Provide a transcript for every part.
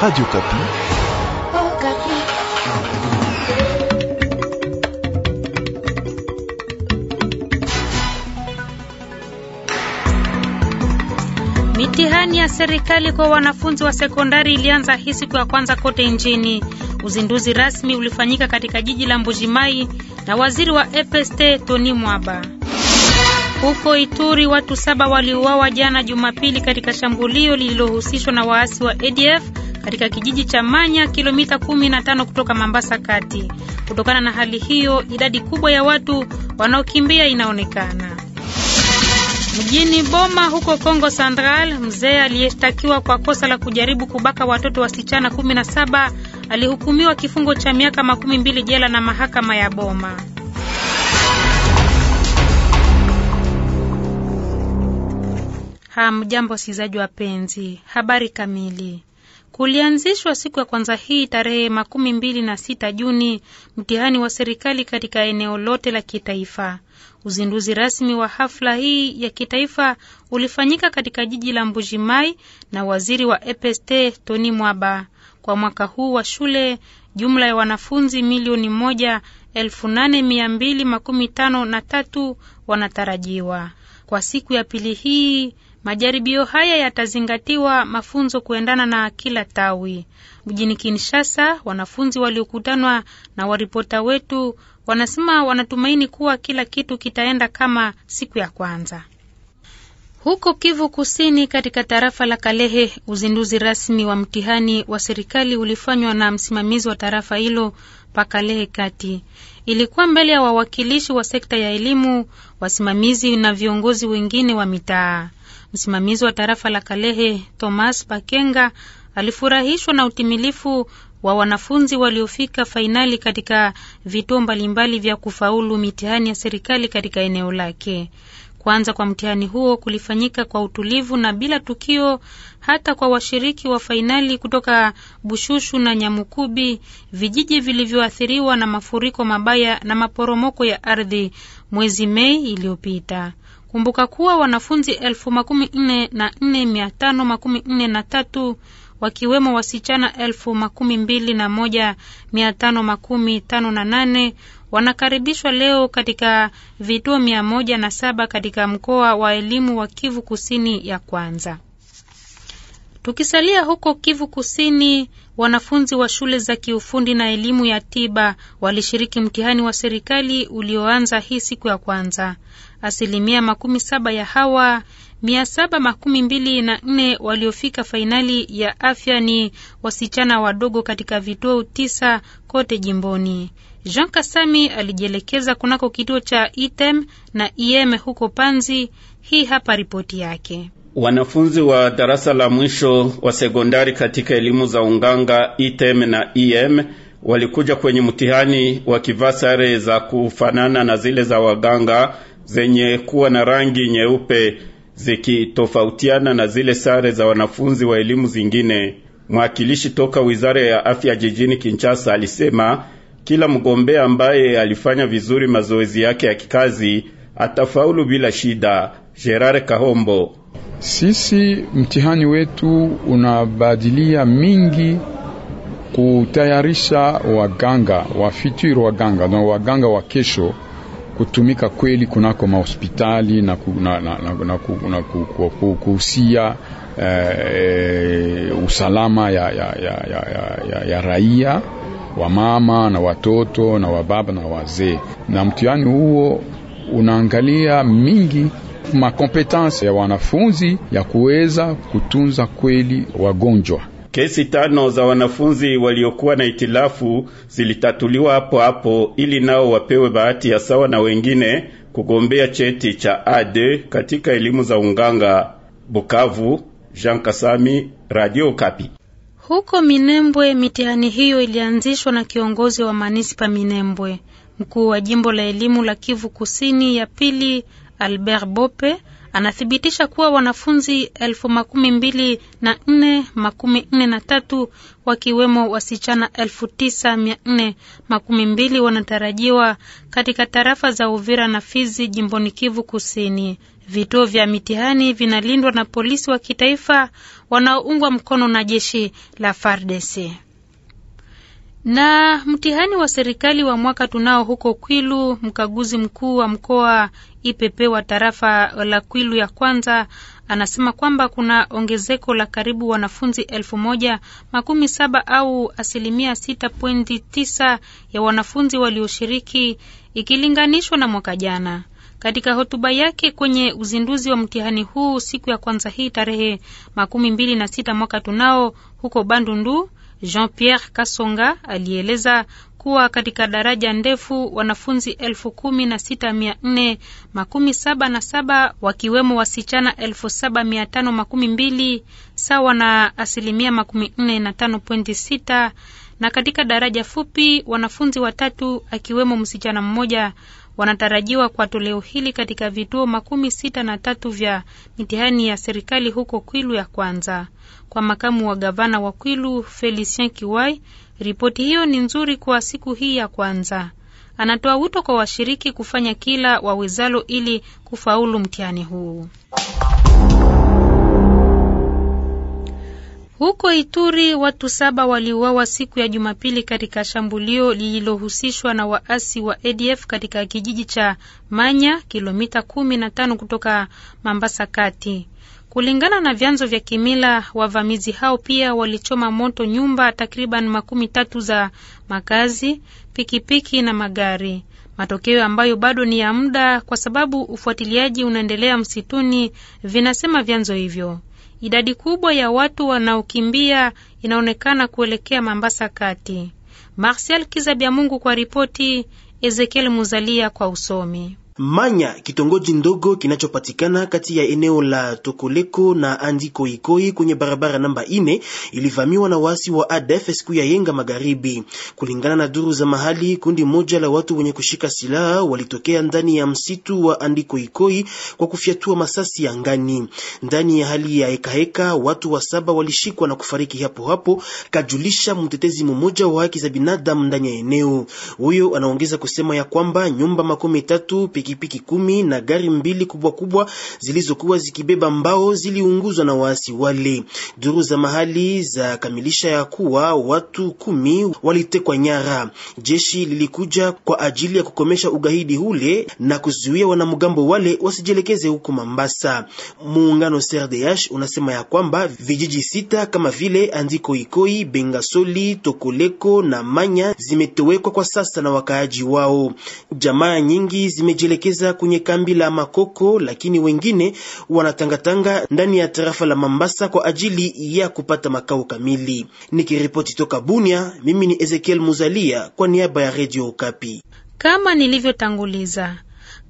Radio Kapi. Oh, Kapi. Mitihani ya serikali kwa wanafunzi wa sekondari ilianza hii siku ya kwanza kote nchini. Uzinduzi rasmi ulifanyika katika jiji la Mbujimai na waziri wa EPST Tony Mwaba. Huko Ituri watu saba waliuawa jana Jumapili katika shambulio lililohusishwa na waasi wa ADF katika kijiji cha Manya, kilomita 15 kutoka Mambasa kati. Kutokana na hali hiyo, idadi kubwa ya watu wanaokimbia inaonekana mjini Boma huko Kongo Central. Mzee aliyeshtakiwa kwa kosa la kujaribu kubaka watoto wasichana 17 alihukumiwa kifungo cha miaka makumi mbili jela na mahakama ya Boma. Hamjambo wasikilizaji wapenzi, habari kamili Kulianzishwa siku ya kwanza hii tarehe makumi mbili na sita Juni mtihani wa serikali katika eneo lote la kitaifa. Uzinduzi rasmi wa hafla hii ya kitaifa ulifanyika katika jiji la Mbujimai na waziri wa EPST Tony Mwaba. Kwa mwaka huu wa shule, jumla ya wanafunzi milioni moja elfu nane mia mbili makumi tano na tatu wanatarajiwa kwa siku ya pili hii Majaribio haya yatazingatiwa mafunzo kuendana na kila tawi. Mjini Kinshasa, wanafunzi waliokutanwa na waripota wetu wanasema wanatumaini kuwa kila kitu kitaenda kama siku ya kwanza. Huko Kivu Kusini, katika tarafa la Kalehe, uzinduzi rasmi wa mtihani wa serikali ulifanywa na msimamizi wa tarafa hilo pa Kalehe Kati. Ilikuwa mbele ya wawakilishi wa sekta ya elimu, wasimamizi na viongozi wengine wa mitaa. Msimamizi wa tarafa la Kalehe Thomas Pakenga alifurahishwa na utimilifu wa wanafunzi waliofika fainali katika vituo mbalimbali vya kufaulu mitihani ya serikali katika eneo lake. kwanza kwa mtihani huo kulifanyika kwa utulivu na bila tukio hata kwa washiriki wa fainali kutoka Bushushu na Nyamukubi, vijiji vilivyoathiriwa na mafuriko mabaya na maporomoko ya ardhi mwezi Mei iliyopita. Kumbuka kuwa wanafunzi elfu makumi nne na nne mia tano makumi nne na tatu wakiwemo wasichana elfu makumi mbili na moja mia tano makumi tano na nane wanakaribishwa leo katika vituo mia moja na saba katika mkoa wa elimu wa Kivu Kusini ya kwanza. Tukisalia huko Kivu Kusini, wanafunzi wa shule za kiufundi na elimu ya tiba walishiriki mtihani wa serikali ulioanza hii siku ya kwanza asilimia makumi saba ya hawa mia saba makumi mbili na nne waliofika fainali ya afya ni wasichana wadogo katika vituo tisa kote jimboni. Jean Kasami alijielekeza kunako kituo cha ITEM na IEM huko Panzi. Hii hapa ripoti yake. Wanafunzi wa darasa la mwisho wa sekondari katika elimu za unganga ITEM na em walikuja kwenye mtihani wakivaa sare za kufanana na zile za waganga zenye kuwa na rangi nyeupe zikitofautiana na zile sare za wanafunzi wa elimu zingine. Mwakilishi toka wizara ya afya jijini Kinshasa alisema kila mgombea ambaye alifanya vizuri mazoezi yake ya kikazi atafaulu bila shida. Gerard Kahombo: sisi mtihani wetu unabadilia mingi kutayarisha waganga wa future, waganga na waganga wa kesho kutumika kweli kunako mahospitali na kuhusia usalama ya raia wa mama na watoto na wababa na wazee. Na mtihani huo unaangalia mingi makompetanse ya wanafunzi ya kuweza kutunza kweli wagonjwa. Kesi tano za wanafunzi waliokuwa na itilafu zilitatuliwa hapo hapo ili nao wapewe bahati ya sawa na wengine kugombea cheti cha AD katika elimu za unganga. Bukavu, Jean Kasami, Radio Kapi. Huko Minembwe, mitihani hiyo ilianzishwa na kiongozi wa manispa Minembwe, mkuu wa jimbo la elimu la Kivu Kusini ya pili, Albert Bope anathibitisha kuwa wanafunzi elfu makumi mbili na nne makumi nne na tatu wakiwemo wasichana elfu tisa mia nne makumi mbili wanatarajiwa katika tarafa za Uvira na Fizi jimboni Kivu Kusini. Vituo vya mitihani vinalindwa na polisi wa kitaifa wanaoungwa mkono na jeshi la FARDC na mtihani wa serikali wa mwaka tunao huko Kwilu. Mkaguzi mkuu wa mkoa Ipepewa tarafa la Kwilu ya kwanza anasema kwamba kuna ongezeko la karibu wanafunzi elfu moja makumi saba au asilimia sita pointi tisa ya wanafunzi walioshiriki ikilinganishwa na mwaka jana. Katika hotuba yake kwenye uzinduzi wa mtihani huu siku ya kwanza hii tarehe makumi mbili na sita mwaka tunao huko Bandundu, Jean-Pierre Kasonga alieleza kuwa katika daraja ndefu wanafunzi elfu kumi na sita mia nne makumi saba na saba wakiwemo wasichana elfu saba mia tano makumi mbili sawa na asilimia makumi nne na tano pointi sita na katika daraja fupi wanafunzi watatu akiwemo msichana mmoja wanatarajiwa kwa toleo hili katika vituo makumi sita na tatu vya mitihani ya serikali huko Kwilu ya kwanza. Kwa makamu wa gavana wa Kwilu Felicien Kiwai, ripoti hiyo ni nzuri kwa siku hii ya kwanza. Anatoa wito kwa washiriki kufanya kila wawezalo ili kufaulu mtihani huu. Huko Ituri watu saba waliuawa siku ya Jumapili katika shambulio lililohusishwa na waasi wa ADF katika kijiji cha Manya, kilomita kumi na tano kutoka Mambasa kati. Kulingana na vyanzo vya kimila, wavamizi hao pia walichoma moto nyumba takriban makumi tatu za makazi, pikipiki na magari, matokeo ambayo bado ni ya muda kwa sababu ufuatiliaji unaendelea msituni, vinasema vyanzo hivyo. Idadi kubwa ya watu wanaokimbia inaonekana kuelekea Mambasa kati. Marcel Kizabia Mungu kwa ripoti, Ezekiel Muzalia kwa usomi. Manya, kitongoji ndogo kinachopatikana kati ya eneo la Tokoleko na Andikoikoi kwenye barabara namba ine, ilivamiwa na waasi wa ADF siku ya Yenga Magharibi. Kulingana na duru za mahali, kundi moja la watu wenye kushika silaha walitokea ndani ya msitu wa Andikoikoi kwa kufyatua masasi ya ngani. Ndani ya hali ya hekaheka, watu wa saba walishikwa na kufariki hapo hapo, kajulisha mtetezi mmoja wa haki za binadamu ndani ya eneo. Huyo anaongeza kusema ya kwamba nyumba makumi tatu piki pikipiki kumi na gari mbili kubwa kubwa zilizokuwa zikibeba mbao ziliunguzwa na waasi wale. Duru za mahali za kamilisha ya kuwa watu kumi walitekwa nyara. Jeshi lilikuja kwa ajili ya kukomesha ugaidi ule na kuzuia wanamgambo wale wasijielekeze huko Mambasa. Muungano CRDH unasema ya kwamba vijiji sita kama vile Ikoi, Bengasoli, Tokoleko na Manya zimetowekwa kwa sasa na wakaaji wao. Jamaa nyingi zimejele kujielekeza kwenye kambi la Makoko, lakini wengine wanatangatanga ndani ya tarafa la Mambasa kwa ajili ya kupata makao kamili. Nikiripoti toka Bunia, mimi ni Ezekiel Muzalia kwa niaba ya redio Okapi. Kama nilivyotanguliza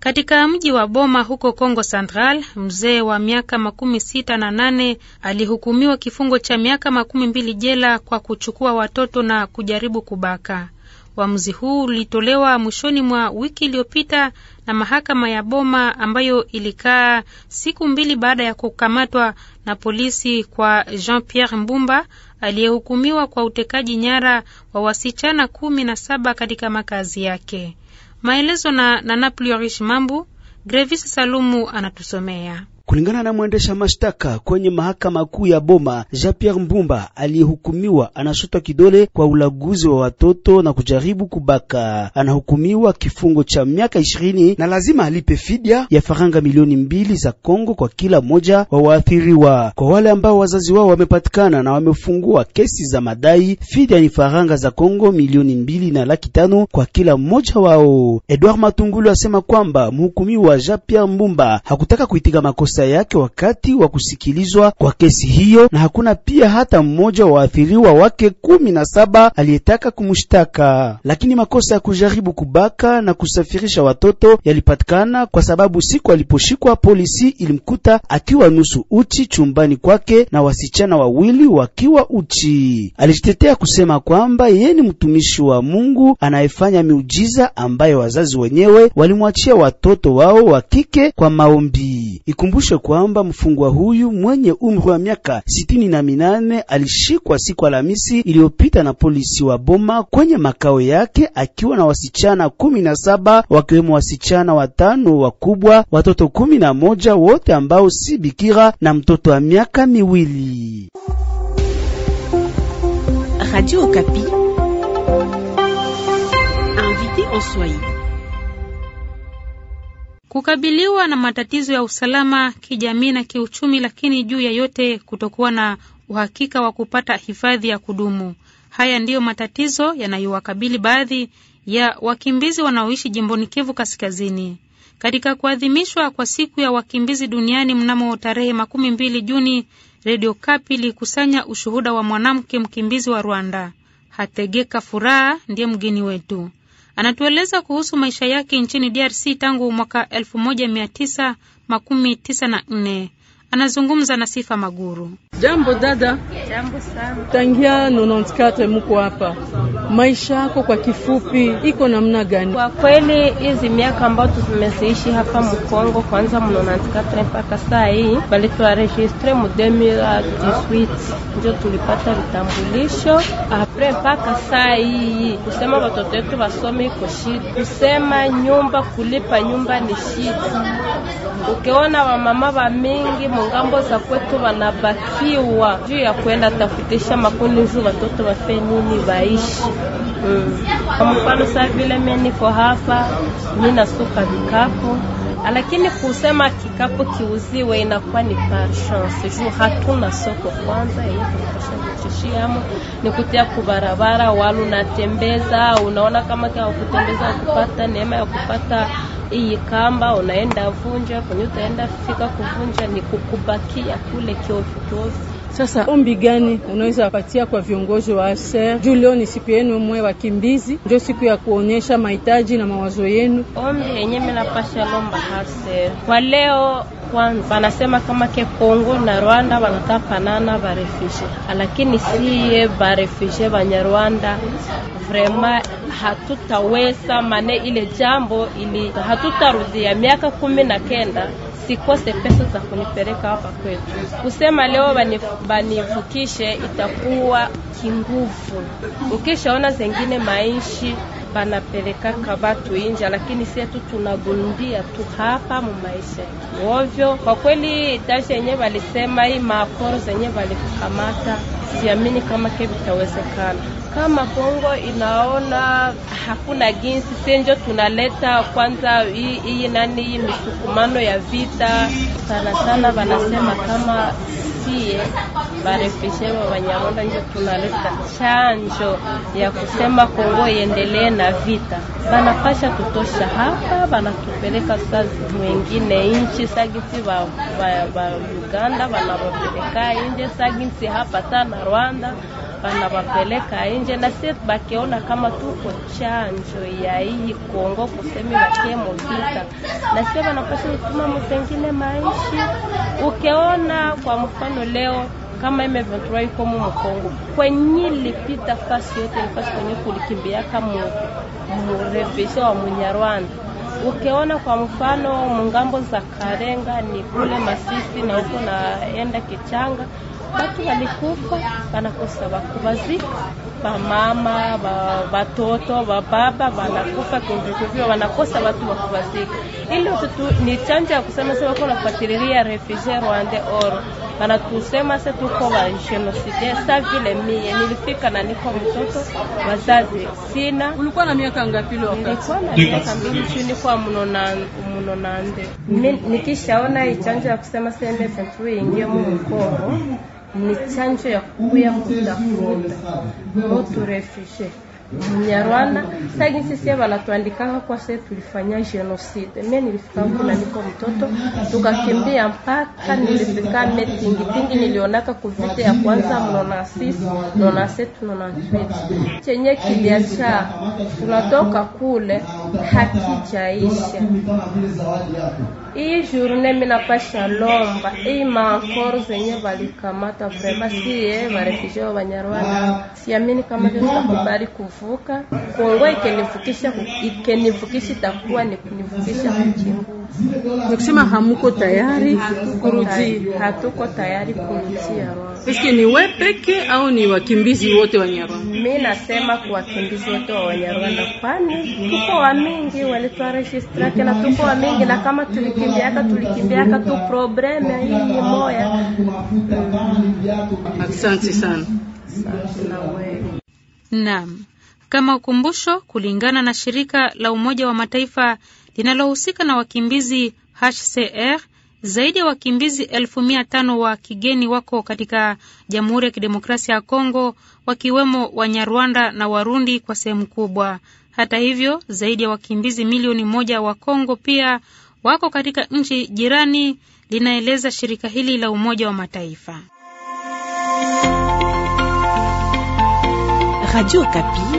katika mji wa Boma huko congo Central, mzee wa miaka makumi sita na nane alihukumiwa kifungo cha miaka makumi mbili jela kwa kuchukua watoto na kujaribu kubaka. Uamuzi huu ulitolewa mwishoni mwa wiki iliyopita na mahakama ya Boma ambayo ilikaa siku mbili baada ya kukamatwa na polisi kwa Jean Pierre Mbumba aliyehukumiwa kwa utekaji nyara wa wasichana kumi na saba katika makazi yake. Maelezo na Nanapliorish Mambu. Grevis Salumu anatusomea. Kulingana na mwendesha mashtaka kwenye mahakama kuu ya Boma, Jean-Pierre Mbumba aliyehukumiwa anashutwa kidole kwa ulaguzi wa watoto na kujaribu kubaka. Anahukumiwa kifungo cha miaka ishirini na lazima alipe fidia ya faranga milioni mbili za Kongo kwa kila mmoja wa waathiriwa. Kwa wale ambao wazazi wao wamepatikana na wamefungua kesi za madai, fidia ni faranga za Kongo milioni mbili na laki tano kwa kila mmoja wao. Edward Matungulu asema kwamba mhukumiwa Jean-Pierre Mbumba hakutaka kuitika makosa makosa yake wakati wa kusikilizwa kwa kesi hiyo, na hakuna pia hata mmoja wa waathiriwa wake kumi na saba aliyetaka kumshtaka. Lakini makosa ya kujaribu kubaka na kusafirisha watoto yalipatikana kwa sababu siku aliposhikwa polisi ilimkuta akiwa nusu uchi chumbani kwake na wasichana wawili wakiwa uchi. Alijitetea kusema kwamba yeye ni mtumishi wa Mungu anayefanya miujiza ambayo wazazi wenyewe walimwachia watoto wao wa kike kwa maombi. Ikumbusho tukumbushe kwamba mfungwa huyu mwenye umri wa miaka sitini na minane alishikwa siku Alhamisi iliyopita na polisi wa Boma kwenye makao yake akiwa na wasichana kumi na saba wakiwemo wasichana watano wakubwa, watoto kumi na moja wote ambao si bikira na mtoto wa miaka miwili. Radio Okapi. Invité en Swahili kukabiliwa na matatizo ya usalama kijamii na kiuchumi, lakini juu ya yote kutokuwa na uhakika wa kupata hifadhi ya kudumu. Haya ndiyo matatizo yanayowakabili baadhi ya wakimbizi wanaoishi jimboni Kivu Kaskazini. Katika kuadhimishwa kwa siku ya wakimbizi duniani mnamo tarehe makumi mbili Juni, Redio Kapi ilikusanya ushuhuda wa mwanamke mkimbizi wa Rwanda. Hategeka Furaha ndiye mgeni wetu. Anatueleza kuhusu maisha yake nchini DRC tangu mwaka makumi9a nne anazungumza na Sifa Maguru. Jambo dada. Jambo sana. Tangia 94 mko hapa, maisha yako kwa kifupi iko namna gani? Kwa kweli hizi miaka ambayo tumeziishi hapa Mkongo, kwanza mu 94 mpaka saa hii, balituaregistre mu 2018 ndio tulipata vitambulisho. Apre mpaka saa hii kusema watoto wetu wasome iko shida, kusema nyumba, kulipa nyumba ni shida Ukiona wamama wa mingi mungambo za kwetu wanabakiwa juu ya kwenda tafutisha makundi nzu watoto wafe nini waishi. Mm. mfano saa vile mimi niko hapa, mimi nasuka vikapu lakini kusema kikapu kiuziwe inakuwa ni par chance juu hatuna soko kwanza, yekuashakuchishiamo ni kutia kubarabara, walu natembeza, unaona kama kutembeza kupata neema ya kupata hii kamba unaenda vunja kwenye utaenda fika kuvunja ni kukubakia kule kiofi kiofi Sasa ombi gani unaweza wapatia kwa viongozi wa ASER juu leo ni siku yenu mwe wakimbizi, ndio siku ya kuonyesha mahitaji na mawazo yenu? Ombi enye minapasha lomba ASER kwa leo kwanza wanasema kama ke Kongo na Rwanda wanataka fanana barefugie, lakini siye barefugie Banyarwanda vrema hatutaweza mane ile jambo ili hatutarudia miaka kumi na kenda sikose pesa za kunipeleka hapa kwetu. Kusema leo banivukishe itakuwa kinguvu, ukishaona zengine maishi banapelekaka batu inja, lakini sie tu tunagundia tu hapa mu maisha ovyo. Kwa kweli etaje yenye walisema hii maakoro zenye walikukamata, siamini kama ke Kama Kongo inaona hakuna ginsi, senjo tunaleta kwanza hii nani, hii misukumano ya vita sana sana, wanasema kama watie barefishe wa Wanyarwanda, ndio tunaleta chanjo ya kusema Kongo iendelee na vita. Banapasha tutosha hapa, banatupeleka sazi mwingine nchi sagisi wa, wa, wa Uganda, wanawapeleka inje sagisi hapa sana Rwanda banabapeleka nje, na si bakiona kama tuko chanjo ya hii Kongo kusemi bakie muvita, na sie banapasha kutuma muzengine maishi. Ukeona kwa mfano leo kama M23 iko mu Kongo kwenye lipita fasi yote, fasi kwenye kulikimbia kama murevesho wa Munyarwanda. Ukiona kwa mfano mungambo za Karenga ni kule Masisi na huko naenda Kichanga Watu walikufa wanakosa wakuvazi, ba, watoto, wababa wanakufa kuvyokuvyo, wanakosa watu wakuvazika. Ile tu ni chanjo ya kusema sasa kuna nafuatilia refugee Rwanda oro wanatusema sasa tuko wa genocide. Sa vile mie nilifika na niko mtoto, wazazi sina. Ulikuwa na miaka ngapi leo? Nilikuwa na miaka mbili chini kwa mnona mnona. Mimi nikishaona chanjo ya kusema sasa ndio ingie mu mkoa ni chanjo ya kuya kutafuta moturefushe mnyarwanda sagini sisi banatuandikanga kwa se tulifanya genocide. Mimi nilifika huko na niko mtoto, tukakimbia mpaka nilifika metingi tingi, nilionaka kuvita ya kwanza mnona sisi mnona setu mnona chenye kiliacha tunatoka kule hakijaisha. Hii jurne minapasha lomba hii maankoro zenye valikamata vrema siye varefugio wa Banyarwanda, siamini kama vyo kuvuka Kongo. Ikenivukisha ikenivukishi itakuwa ni kunivukisha kuchinguu. Nikusema hamuko tayari kurudi, hatuko tayari kurudi Rwanda. Eske ni we peke au ni wakimbizi wote wa Nyarwanda? Mi nasema kuwakimbizi wote wa Wanyarwanda, kwani tuko wa mingi, walitoa registrake na tuko wa mingi, na kama tulikimbiaka tulikimbiaka tu probleme hii ni moya. Asante sana. Naam, kama ukumbusho, kulingana na shirika la Umoja wa Mataifa linalohusika na wakimbizi HCR, zaidi ya wakimbizi elfu mia tano wa kigeni wako katika Jamhuri ya Kidemokrasia ya Kongo wakiwemo Wanyarwanda na Warundi kwa sehemu kubwa. Hata hivyo, zaidi ya wakimbizi milioni moja wa Kongo pia wako katika nchi jirani, linaeleza shirika hili la Umoja wa Mataifa. Radio Kapi,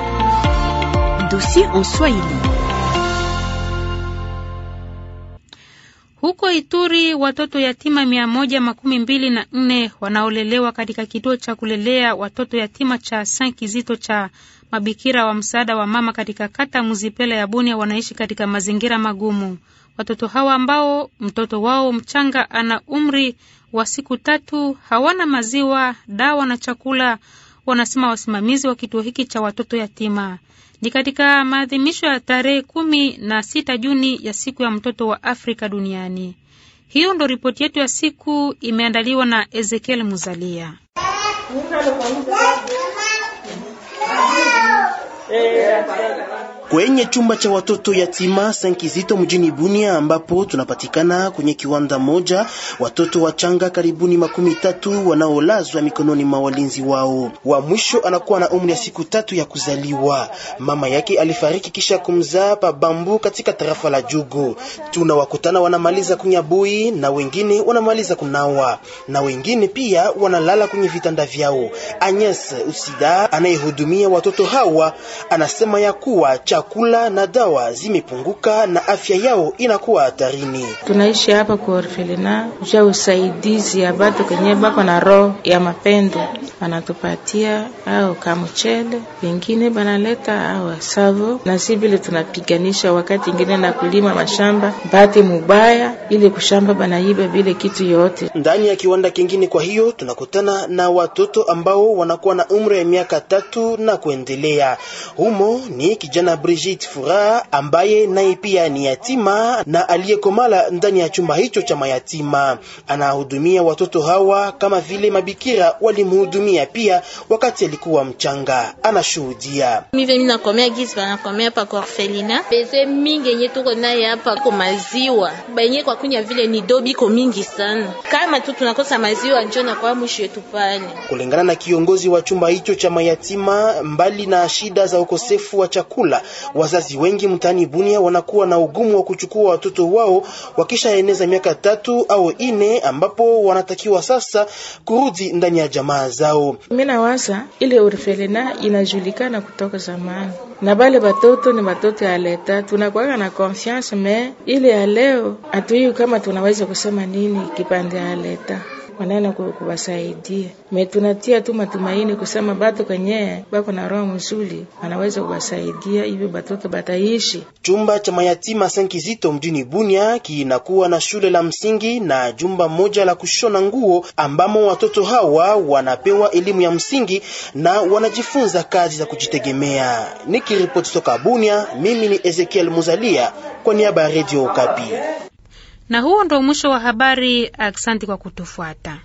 dossier en Swahili. Huko Ituri watoto yatima mia moja makumi mbili na nne wanaolelewa katika kituo cha kulelea watoto yatima cha San Kizito cha mabikira wa msaada wa mama katika kata Muzipela ya Bunia wanaishi katika mazingira magumu. Watoto hawa ambao mtoto wao mchanga ana umri wa siku tatu hawana maziwa, dawa na chakula wanasema wasimamizi wa kituo hiki cha watoto yatima. Ni katika maadhimisho ya tarehe kumi na sita Juni ya siku ya mtoto wa Afrika duniani. Hiyo ndo ripoti yetu ya siku, imeandaliwa na Ezekiel Muzalia. Eh, eh, eh, kwenye chumba cha watoto yatima Sankizito mjini Bunia, ambapo tunapatikana kwenye kiwanda moja, watoto wachanga karibuni makumi tatu wanaolazwa mikononi mwa walinzi wao. Wa mwisho anakuwa na umri ya siku tatu ya kuzaliwa. Mama yake alifariki kisha kumzaa pa Bambu katika tarafa la Jugu. Tunawakutana wanamaliza kunyabui na wengine wanamaliza kunawa na wengine pia wanalala kwenye vitanda vyao. Anyes Usida anayehudumia watoto hawa anasema ya kuwa cha chakula na dawa zimepunguka na afya yao inakuwa hatarini. Tunaishi hapa kwa orfelina ja usaidizi ya batu kenye bako na roho ya mapendo, banatupatia au kamuchele, vengine banaleta au savo na vile tunapiganisha wakati ingine na kulima mashamba bati mubaya ili kushamba banaiba vile kitu yote ndani ya kiwanda kingine. Kwa hiyo tunakutana na watoto ambao wanakuwa na umri ya miaka tatu na kuendelea. Humo ni kijana Brigitte Fura ambaye naye pia ni yatima na aliyekomala ndani ya chumba hicho cha mayatima. Anahudumia watoto hawa kama vile mabikira walimhudumia pia wakati alikuwa mchanga. Anashuhudia kulingana na kiongozi wa chumba hicho cha mayatima, mbali na shida za ukosefu wa chakula Wazazi wengi mtaani Bunia wanakuwa na ugumu wa kuchukua watoto wao wakishaeneza miaka tatu au ine, ambapo wanatakiwa sasa kurudi ndani ya jamaa zao. Mimi nawaza ile orfelina inajulikana kutoka zamani, na bale batoto ni batoto ya leta, tunakuwa na confiance me ile ya leo hatui kama tunaweza kusema nini kipande ya leta kwa kuwasaidia. kuwasaidia tunatia tu matumaini kusema batu kwenye bako na roho mzuri anaweza kuwasaidia hivyo batoto bataishi. Chumba cha mayatima Sankizito mjini Bunia kinakuwa na shule la msingi na jumba moja la kushona nguo ambamo watoto hawa wanapewa elimu ya msingi na wanajifunza kazi za kujitegemea. Nikiripoti toka Bunia, mimi ni Ezekiel Muzalia kwa niaba ya Radio Okapi. Na huo ndo mwisho wa habari. Asante kwa kutufuata.